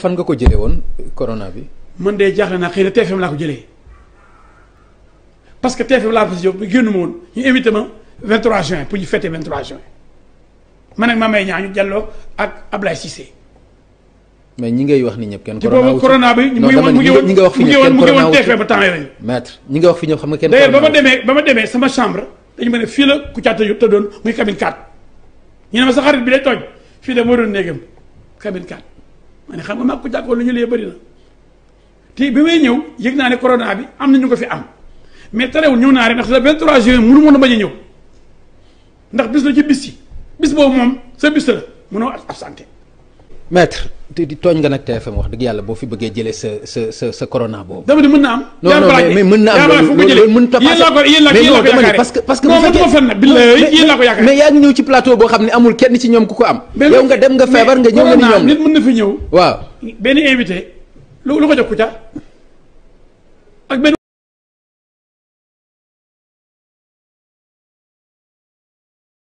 fan nga ko jëlee woon corona bi. man de jaaxle naa xëy na TFM laa ko jëlee parce que TFM laa ko si jóg génn ma woon ñu invité ma 23 juin pour ñu fête 23 juin man ma Mame Niang ñu jàlloo ak Ablaye Cissé. mais ñi ngay wax ni ñëpp kenn. corona wu corona bi mu ngi woon mu mu temps yooyu. ñi nga wax fi ñëpp xam nga kenn. corona ba ma demee ba ma demee sama chambre dañu ma ne fii la ku caata yëpp te doon muy cabine 4 ñu ne ma sa xarit bi day tooñ fii de moo doon néegam cabine 4. man ne xam nga maa ko jàkkoon lu ñu lee bëri na te bi may ñëw yëg naa ne corona bi am na ñu ko fi am mais terewul ñëw naa rek ndax le 23 juin mënu moon a ba a ñëw ndax bis la ci bis yi bis boobu moom sa bis la mënoo ab santé maître di tooñ nga nag TFM wax dëgg yàlla boo fi bëggee jëlee sa sa sa sa boobu. dama ni mën na am. non non mais mën na am loolu loolu mën ta passé mais yaa ngi ñëw ci plateau boo xam ne amul kenn ci ñoom ku ko am. yow nga dem nga feebar nga ñëw nga ni ñoom nit